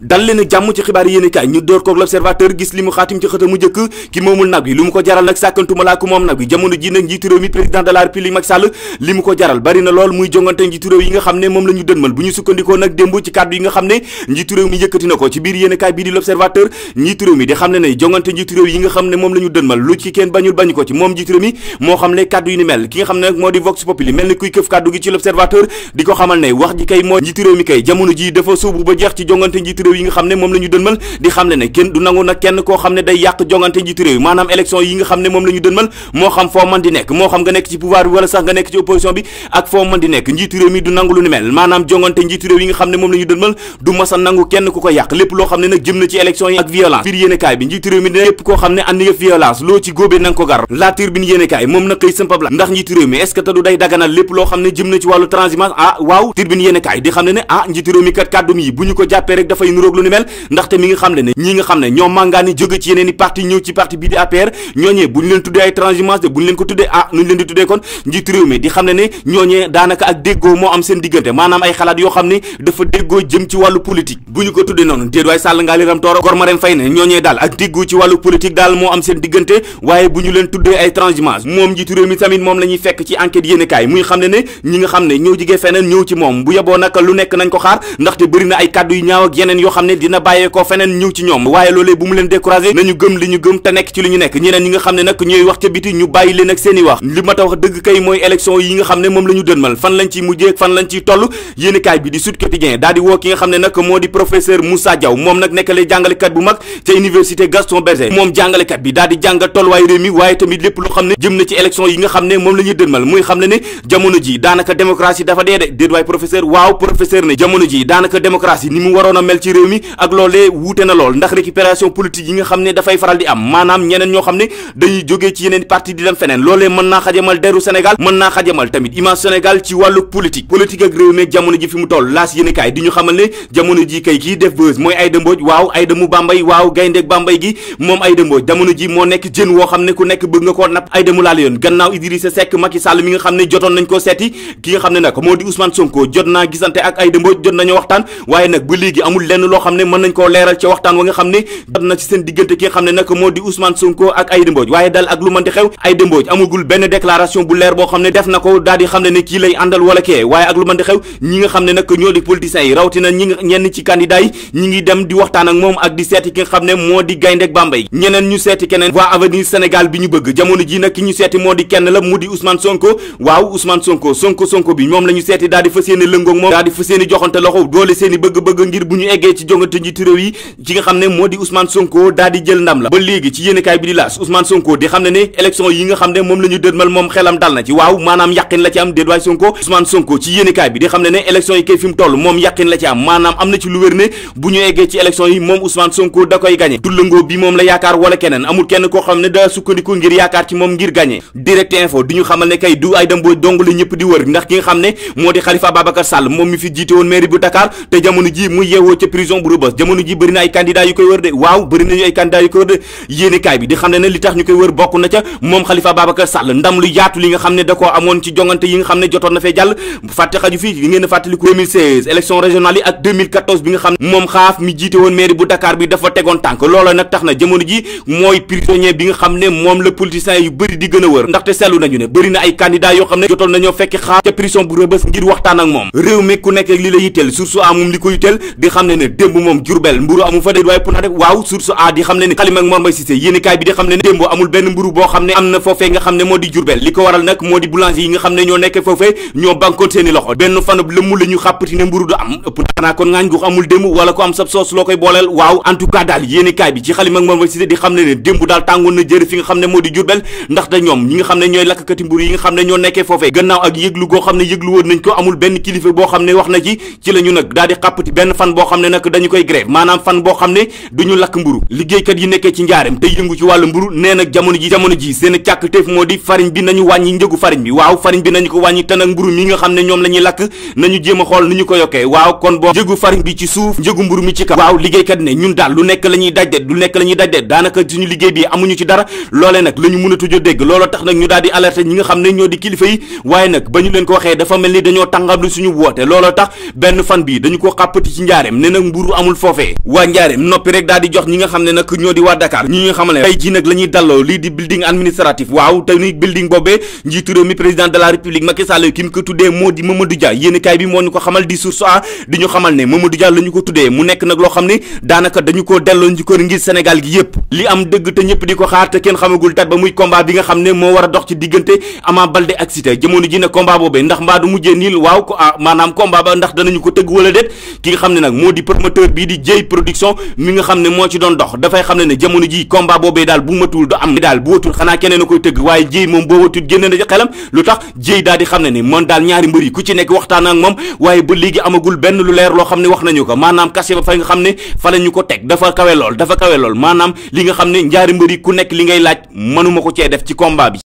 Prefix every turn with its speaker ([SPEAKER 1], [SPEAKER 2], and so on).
[SPEAKER 1] dal leen ak jàmm ci xibaar yéen kaay ñu door koog l'observateur gis li mu ci xëta mu njëkk ki moomul nag wi li ko jaral nag sàkkantuma laa ku moom nag wi jamono ji nag njiitu réew mi président de la république Macky Sall li ko jaral bari lool muy jongante njiitu réew yi nga xam ne moom la ñu dënmal bu ñu démb ci kàddu yi nga xam ne njiitu mi yëkkati ko ci biir yéen kaay bii di l'observateur njiitu mi di xam ne ne jongante njiitu réew yi nga xam ne moom la ñu dënmal lu ci kenn bañul bañu ko nag jongante njiitu réew yi nga xam ne moom la ñu di xam le ne kenn du nangu nag kenn koo xam ne day yàq jongante njiitu réew yi maanaam élection yi nga xam ne moom la ñu moo xam foo man di nekk moo xam nga nekk ci pouvoir bi wala sax nga nekk ci opposition bi ak foo man di nekk njiitu réew mi du ne moom ko xam ne nag jëm violence loo ci góobee nanga ko gar la turbine yéenekaay moom na xëy sampab la ndax njiitu réew mi est du day daganal lépp loo xam nuroog lu ni mel ndaxte mi ngi xam le ne ñi nga xam ne jóge ci yeneen parti ñëw ci parti bii di APR ñooñee bu ñu leen tuddee ay transhumance ne ah ne ñooñee daanaka ak déggoo moo am seen diggante maanaam ay xalaat yoo xam ne dafa déggoo jëm ci wàllu politique bu moom njiitu réew mi tamit moom la fekk ci enquête yéenekaay muy xam ne ñi nga xam ne ñëw jigee feneen ñëw ci moom bu yeboo naka lu nekk nañ ko xaar ndaxte bëri ay kàddu yu ñaaw ak yeneen yoo xam ne feneen ñëw ci ñoom waaye loolee bu mu leen découragé nañu gëm li ñu gëm te nekk ci li ñu nekk ñeneen ñi nga xam ne nag démocratie dafa dee de déet waay professeur waaw professeur ne jamono ji daanaka démocratie ni mu waroon mel réew mi ak loolee wuute na lool ndax récupération politique yi nga xam ne dafay faral di am maanaam ñeneen ñoo xam ne dañuy jógee ci yeneen parti di dem feneen loolee mën naa xajamal deru Sénégal mën naa xajamal tamit image Sénégal ci wàllu politique politique ak réew mi jamono ji fi mu toll laas yéen kaay di ñu xamal ne jamono ji kay kii def buzz mooy Aïda Mbodj waaw Aïda mu Bambay waaw gayndeeg Bambay gi moom Aïda Mbodj jamono ji moo nekk jën woo xam ne xam ne jotoon nañ koo seeti ki nga xam ne nag moo di Ousmane Sonko loo xam ne mën nañ koo leeral ci waxtaan wa nga xam ne jot na ci seen diggante ki nga xam ne nag moo di Ousmane Sonko ak Aïda Mbodj waaye daal ak lu mënti bu leer boo xam ne def na ko daal di xam ne ne kii lay xew ñi nga xam ne nag ñoo di politiciens nga ñenn ci candidat yi ñi ngi dem di waxtaan ak moom ak ne moo di Gayndek Bambey ñeneen ñu seeti keneen waa avenir Sénégal bi ñu bëgg jamono ji nag ki ñu seeti moo di kenn la mu di Ousmane Sonko waaw Ousmane Sonko Sonko Sonko bi ñoom la ñu seeti daal di fas yéene lëngoog moom daal di fas yéene joxante loxo doole seen i bëgg-bëgg ngir bu ñu eggee ci jongante njiitu réew yi ci nga xam ne moo di Ousmane Sonko daal di jël ndam la ba léegi ci yéenekaay bi di laas la ñu Sonko di xam ne ne élection yi nga xam ne moo di Khalifa Babacar Sall moom mi fi jiite woon mairie bu Dakar te jamono ji mu yeewoo ca prison bu Rebeuss jamono ji bëri ay candidat yu xam ne ne nañu ne bëri ay candidat yoo xam ne jotoon nañoo fekk xaaf ca prison bu Rebeuss ngir waxtaan ak moom réew mi ku nekk li la yitteel source a moom li ko yitteel di xam ne démb moom Jurbel mburu amul fa déet waaye puna rek waaw source a di xam ne ni xalima ak Mor Mbaye Cissé yéenekaay bi di xam ne ne démb amul benn mburu boo xam nga xam ne moo di Jurbel li ko waral nga xam ne ñoo nekk foofee ñoo bankoon seeni loxo ne mburu du am ëpp xanaa xam ne ne démb daal tàngoon nga xam ne moo di Jurbel ndax nga xam ne ñooy lakkati mburu yi nga xam ne ñoo nekkee foofee gannaaw ak xam ne yëglu woon nañ ko amul xam ne wax na ci nag dañu koy grève maanaam fan boo xam ne duñu lakk mburu liggéeykat yi nekkee ci njaareem te yëngu ci wàllu mburu nee nag jamono ji jamono ji seen càkkutéef moo di farine bi nañu wàññi njëgu farine bi waaw farine bi nañu ko wàññi te nag mburu mi nga xam ne ñoom la ñuy lakk nañu jéem a xool ni ñu ko yokkee waaw kon boo njëgu farine bi ci suuf njëgu mburu mi ci kaw waaw liggéeykat ne ñun daal lu nekk la ñuy daj de lu nekk la ñuy daj de daanaka suñu liggéey bi amuñu ci dara loolee nag la ñu tax nag ñu daal di alerté ñi nga xam ñoo di kilifa yi waaye nag ba ñu leen ko waxee dafa mel ni dañoo tàngamlu suñu woote looloo tax benn fan ko xàppati ci njaareem ne mburu amul foofee waa njaareem noppi rek daal di jox ñi nga xam ne nag ñoo di waa Dakar ñi nga xam ne nag la di building de la république a ba muy a dox ci diggante Ama Baldé ak Siteu jamono ji ne combat boobee mbaa du mujjee niil waaw ah maanaam combat ba ndax danañu ko tëgg wala déet ki nga xam ne nag moo di promoteur bii di jëy production mi nga xam ne moo ci doon dox dafay xam ne ne jamono ji combat boobee daal bu matul du am daal bu watul xanaa keneen a koy tëgg waaye jëy moom boo watul génn na ci xelam lu tax jëy daal di xam ne ne man daal ñaari mbër yi ku ci nekk waxtaan ak moom waaye ba léegi amagul benn lu leer loo xam ne wax nañu ko maanaam kase ba fay nga xam ne fa ñu ko teg dafa kawe lool dafa kawe lool maanaam li nga xam ne njaari mbër yi ku nekk li ngay laaj mënuma ko cee def ci combat bi